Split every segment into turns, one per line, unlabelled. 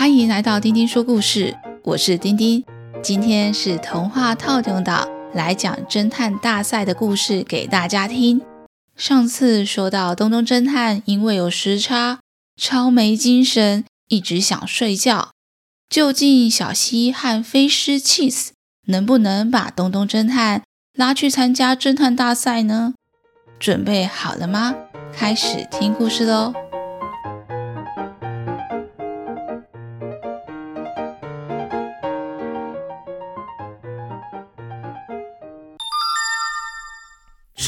歡迎來到丁丁說故事，我是丁丁。今天是童話透中島，來講偵探大賽的故事給大家聽。上次說到東東偵探因為有時差，超沒精神，一直想睡覺，究竟小希和飛獅起士，能不能把東東偵探拉去參加偵探大賽呢？準備好了嗎？開始聽故事嘍。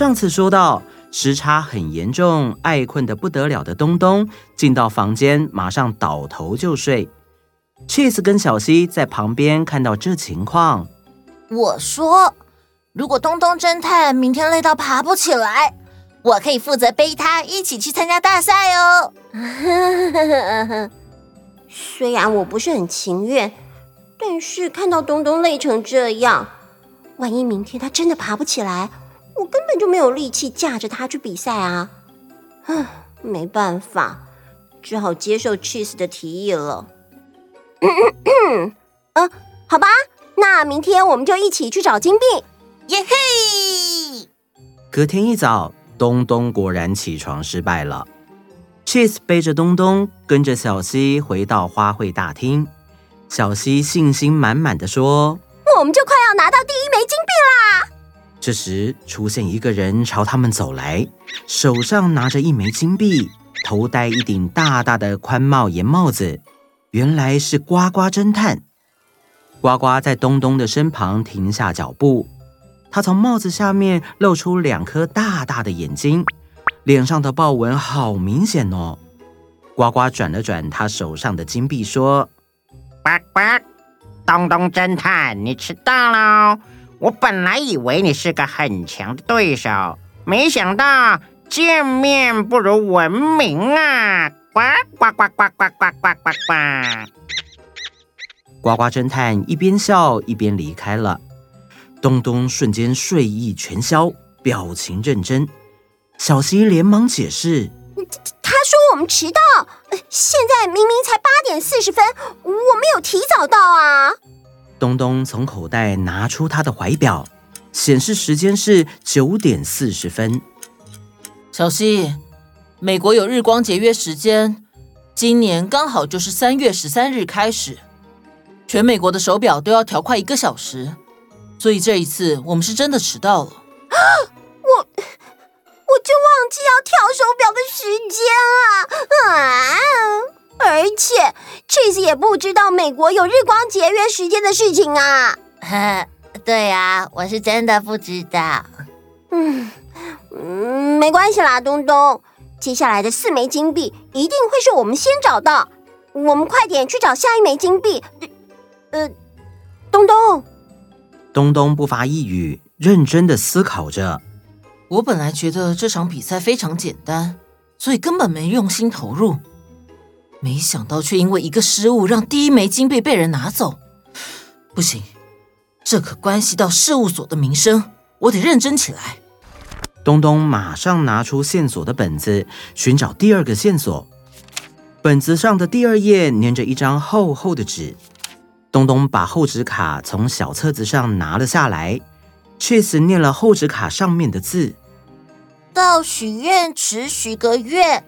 上次說到時差很嚴重，愛困得不得了的東東進到房間，馬上倒頭就睡。起士跟小希在旁邊看到這情況，
我說：“如果東東偵探明天累到爬不起來，我可以負責背他一起去參加大賽哦。” 雖然我不是很情願，但是看到東東累成這樣，萬一明天他真的爬不起來。我根本就沒有力氣架着他去比賽啊！唉，沒辦法，只好接受起士的提議了。嗯嗯嗯，啊、 呃，好吧，那明天我們就一起去找金幣。耶嘿！
隔
天一早，東東果然起床失敗了。起士背着東東，跟着小希回到花卉大廳。小希信心滿滿地說：“
我們就快要拿到第一枚金幣啦！”
這時，出現一個人朝他們走來，手上拿着一枚金幣，頭戴一頂大大的寬帽檐帽子，原來是呱呱偵探。呱呱在東東的身旁停下腳步，他從帽子下面露出兩顆大大的眼睛，臉上的豹紋好明顯哦。呱呱轉了轉他手上的金幣，說：“呱呱，東東偵
探，你遲到嘍。”我本來以為你是個很強的對手，沒想到見面不如聞名啊！呱呱呱呱呱呱呱呱！呱呱，呱，呱，呱，
呱呱偵探一邊笑一邊離開了。東東瞬間睡意全消，表情認真。小希連忙解釋：“
他說我們遲到，現在明明才八點四十分，我沒有提早到啊。”
東東從口袋拿出他的懷錶，顯示時間是九點四十分。
小希，美國有日光節約時間，今年剛好就是三月十三日開始，全美國的手表都要調快一個小時，所以這一次我們是真的遲到了。
我，我就忘記要調手表的時間了啊！而且起士也不知道美國有日光節約時間的事情啊。 對啊，我是真的不知道。嗯、嗯，沒關係啦，東東，接下來的四枚金幣一定會是我們先找到。我們快點去找下一枚金幣。呃，東
東，
東東不發一語，認真的思考着。
我本來覺得這場比賽非常簡單，所以根本沒用心投入。沒想到，卻因為一個失誤，讓第一枚金幣被，被人拿走。不行，這可關係到事務所的名聲，我得認真起來。
東東馬上拿出線索的本子，尋找第二個線索。本子上的第二頁粘着一張厚厚的紙，東東把厚紙卡從小冊子上拿了下來，確實念了厚紙卡上面的字：“
到許願池許個願。”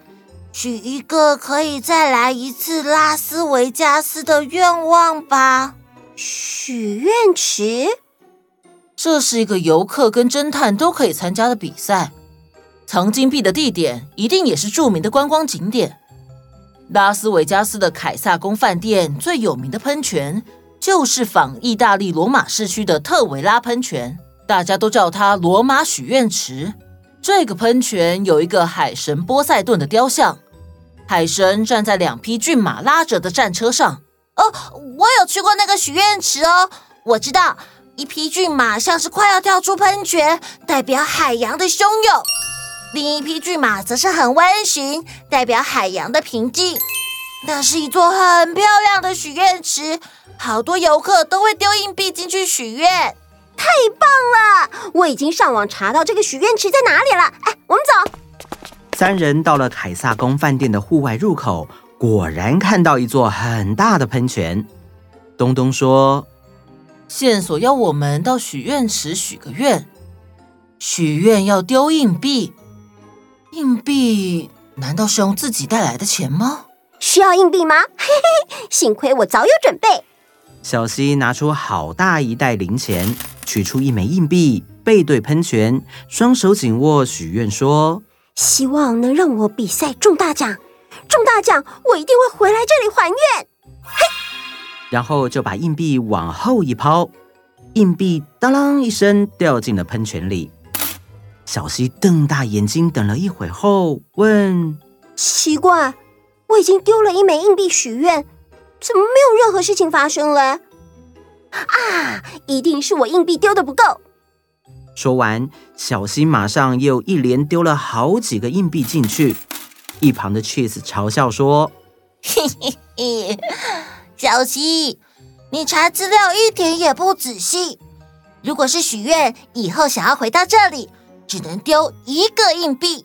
許一個可以再
來一次拉斯維加斯的願望吧。許願池，這是一個遊客跟偵探都可以參加的比賽。藏金幣的地點一定也是著名的觀光景點。拉斯維加斯的凱撒宮飯店最有名的噴泉就是仿意大利羅馬市區的特維拉噴泉，大家都叫它羅馬許願池。這個噴泉有一個海神波塞頓的雕像。海神站在兩匹駿馬拉着的戰車上。
哦，我有去過那個許願池哦，我知道。一匹駿馬像是快要跳出噴泉，代表海洋的洶湧；另一匹駿馬則是很溫馴，代表海洋的平靜。那是一座很漂亮的許願池，好多遊客都會丟硬幣進去許願。太棒了！我已經上網查到這個許願池在哪裡了。哎，我們走。
三人到了凱撒宮飯店的戶外入口，果然看到一座很大的噴泉。東東說：“線索要我們到許願池許個願，許願要丟
硬幣。硬幣難道是用自己帶來的錢嗎？
需要硬幣嗎？嘿嘿，幸虧我早有準備。”
小希拿出好大一袋零錢，取出一枚硬幣，背對噴泉，雙手緊握許願說。
希望能讓我比賽中大獎，中大獎我一定會回來這裡還願。
嘿，然後就把硬幣往後一拋，硬幣當啷一聲掉進了噴泉裡。小希瞪大眼睛等了一會後問：“奇怪，我已經丟
了一枚硬幣許願，怎麼沒有任何事情發生了？”啊，一定是我硬幣丟的不夠。
說完，小希馬上又一連丟了好幾個硬幣進去。一旁的 Cheese 嘲笑說：“
嘿嘿嘿，小希，你查資料一點也不仔細。如果是許願，以後想要回到這裡，只能丟一個硬幣。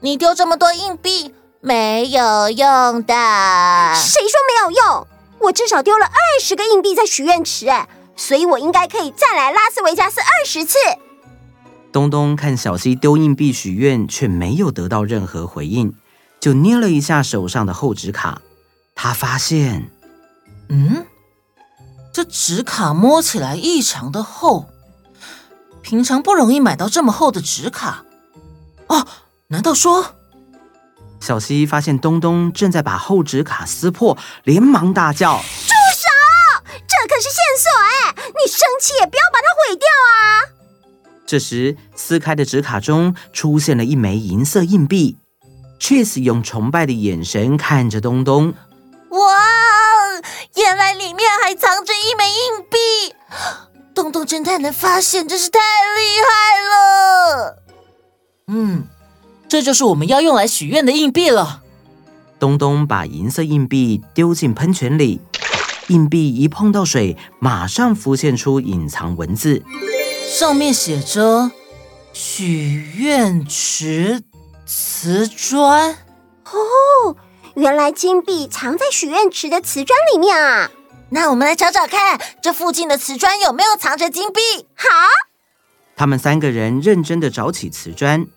你丟這麼多硬幣沒有用的。”誰說沒有用？我至少丟了二十個硬幣在許願池，啊，誒，所以我應該可以再來拉斯維加斯二十次。
東東看小希丟硬幣許願，卻沒有得到任何回應，就捏了一下手上的厚紙卡。他發現，
嗯，這紙卡摸起
來異常的厚，平常不容易買到這麼厚的紙卡。哦，難道說……小希發現東東正在把厚紙卡撕破，連忙大叫：“
住手！這可是線索哎，你生氣也不要把它毀掉啊！”
這時，撕開的紙卡中出現了一枚銀色硬幣。Cheese 用崇拜的眼神看着東東。
哇，原來裡面還藏着一枚硬幣！東東偵探的發現，真是太厲害了。
嗯，這就是我們要用來許願的硬幣了。
東東把銀色硬幣丟進噴泉裡，硬幣一碰到水，馬上浮現出隱藏文字。上面寫着“許願池瓷磚”哦，原來金幣
藏在許願池的瓷磚裡面啊！那我們來找找看，這附近的瓷磚有沒有藏着金幣？好，
他們三個人認真的找起瓷磚。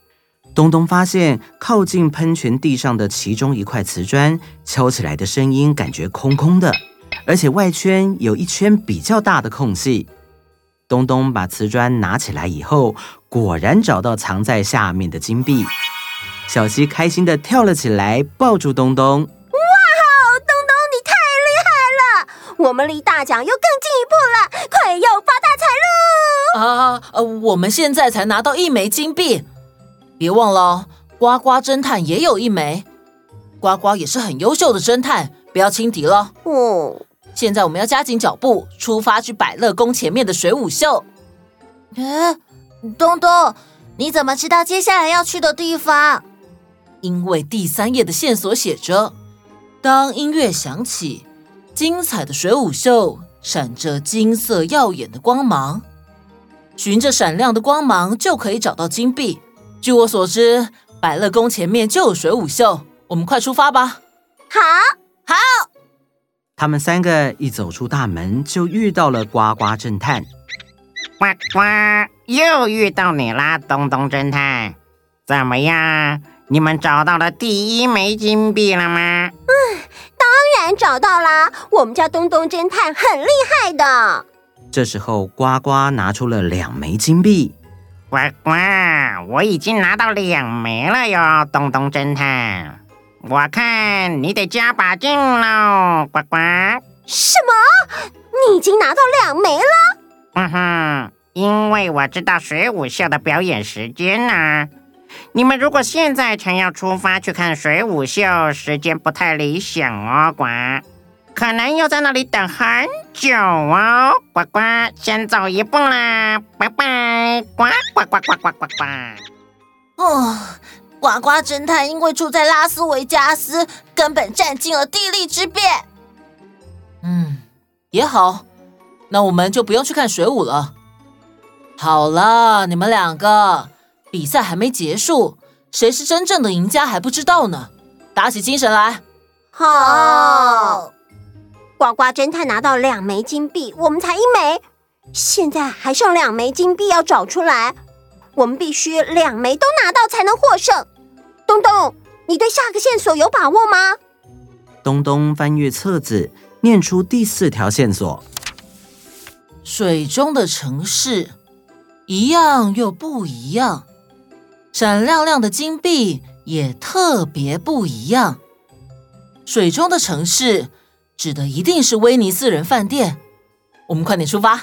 東東發現，靠近噴泉地上的其中一塊瓷磚，敲起來的聲音感覺空空的，而且外圈有一圈比較大的空隙。東東把瓷磚拿起來以後，果然找到藏在下面的金幣。小希開心地跳了起來，抱住東東。哇
哦，東東，你太厲害了！我們離大獎又更進一步了，快
要發大財嘍！啊，呃、啊，我們現在才拿到一枚金幣。別忘了，呱呱偵探也有一枚。呱呱也是很優秀的偵探，不要輕敵了。哦。現在我們要加緊腳步，出發去百樂宮前面的水舞秀。欸，東東，你怎麼知道接下來要去的地方？因為第三頁的線索寫着：“當音樂響起，精彩的水舞秀閃着金色耀眼的光芒。循着閃亮的光芒，就可以找到金幣。”據我所知，百樂宮前面就有水舞秀，我們快出發吧！好
好。好他們三個一走出大門，就遇到了呱呱偵探。呱呱，又遇到你啦，東東偵探。
怎麼樣？你們找到了第一枚金幣了嗎？嗯，
當然找到了。我們家東東偵探很厲害的。
這時候，呱呱拿出了兩枚金幣。呱呱，我已經拿
到兩枚了喲，東東偵探。我看你得加把勁嘍，呱呱！什麼？你已經拿到兩枚了？嗯哼，因為我知道水舞秀的表演時間呢、啊。你們如果現在才要出發去看水舞秀，時間不太理想哦，呱。可能要在那裡等很久哦，呱呱，先走一步啦，拜拜，呱呱呱呱呱呱呱！哦。
呱呱偵探因為住在拉斯維加斯，根本佔盡了地利之便。嗯，也好，那我們就不用去看水舞了。好了，你們兩個比賽還沒結束，誰是真正的贏家還不知道呢。打起精神來！
好，哦，呱呱偵探拿到兩枚金幣，我們才一枚，現在還剩兩枚金幣要找出來，我們必須兩枚都拿到才能獲勝。東東，你對下個線索有把握嗎？
東東翻閱冊子，念出第四條線索：
水中的城市，一樣又不一樣，閃亮亮的金幣也特別不一樣。水中的城市指的一定是威尼斯人飯店。我們快點出發！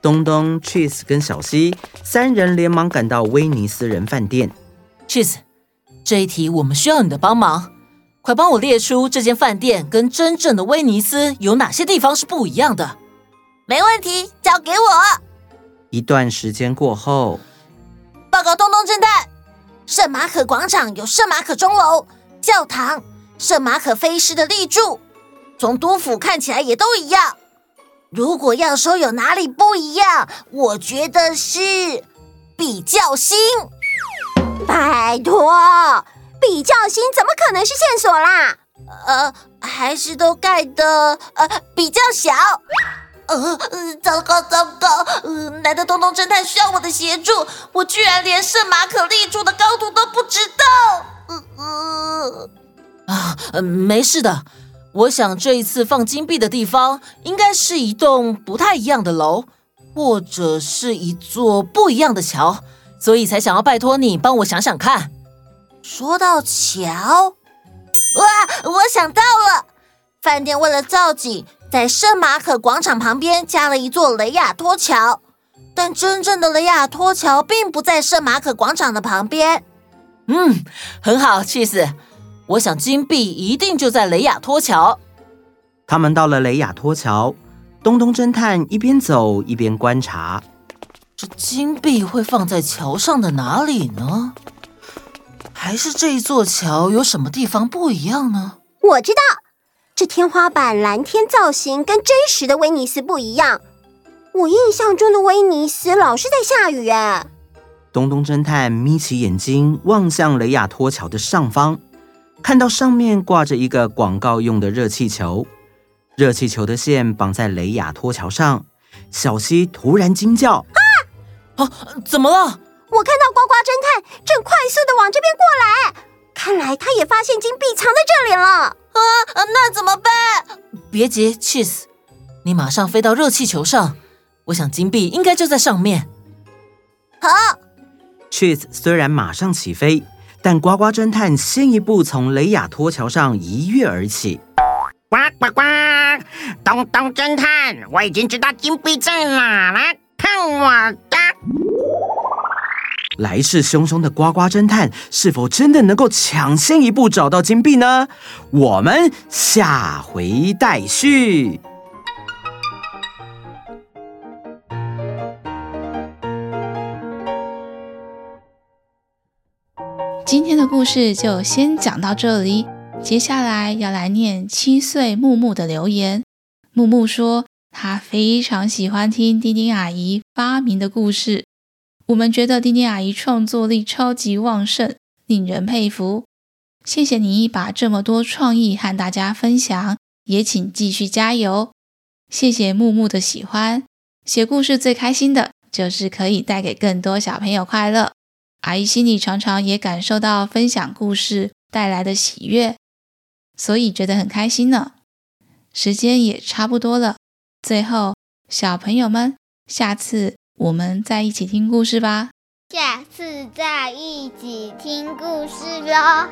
東東、起士跟小希三人連忙趕到威尼斯人飯店。起士，這一題我們需要你的幫忙，快幫我列出
這間飯店跟真正的威尼斯有哪些地方是不一樣的。沒問題，交
給我。
一段時間過後，
報告東東偵探，聖馬可廣場有聖馬可鐘樓、教堂、聖馬可飛獅的立柱，總督府看起來也都一樣。如果要說有哪裡不一樣，我覺得是比較新。拜託，比較新怎麼可能是線索啦？呃，還是都蓋得呃比較小。呃，糟糕糟糕，難得、呃、東東偵探需要我的協助，我居然連聖馬可立柱的高度都不知道。呃
呃，啊呃，沒事的，我想這一次放金幣的地方應該是一棟不太一樣的樓，或者是一座不一樣的橋，所以才想要拜託你幫我想想看。
說到橋，哇，我想到了！飯店為了造景，在聖馬可廣場旁邊加了一座
雷亞托橋，但真正的雷亞托橋並不在聖馬可廣場的旁邊。嗯，很好，起士。我想金幣一定就在
雷亞托橋。他們到了雷亞托橋，東東偵探一邊走一邊觀察。
這金幣會放在橋上的哪裡呢？還是這一座橋有什麼地方不一樣呢？我
知道，這天花板藍天造型跟真實的威尼斯不一樣。我印象中的威尼斯老是在下雨啊。哎，
東東偵探眯起眼睛望向雷亞托橋的上方，看到上面掛着一個廣告用的熱氣球，熱氣球的線綁在雷亞托橋上。小希突然驚叫。
啊，怎麼了？我看到呱呱偵探正快速的往這邊過來，看來他也發現金幣藏在這裡了。
啊，啊，那怎麼
辦？別急，Cheese，你馬上飛到熱氣球上，我想金幣應該就在上面。
好、啊。Cheese 雖然馬上起飛，但呱呱偵探先一步從雷亞托橋上一躍而起。
呱呱呱，東東偵探，我已經知道金幣在哪了，看我。
來勢洶洶的呱呱偵探，是否真的能夠搶先一步找到金幣呢？我們下回待續。
今天的故事就先講到這裡，接下來要來念七歲木木的留言。木木說，他非常喜歡聽丁丁阿姨發明的故事。我們覺得丁丁阿姨創作力超級旺盛，令人佩服。謝謝你把這麼多創意和大家分享，也請繼續加油。謝謝木木的喜歡。寫故事最開心的就是可以帶給更多小朋友快樂，阿姨心裡常常也感受到分享故事帶來的喜悅，所以覺得很開心呢。時間也差不多了，最後，小朋友們，下次。我們在一起聽故事吧。
下次再一起聽故事喲。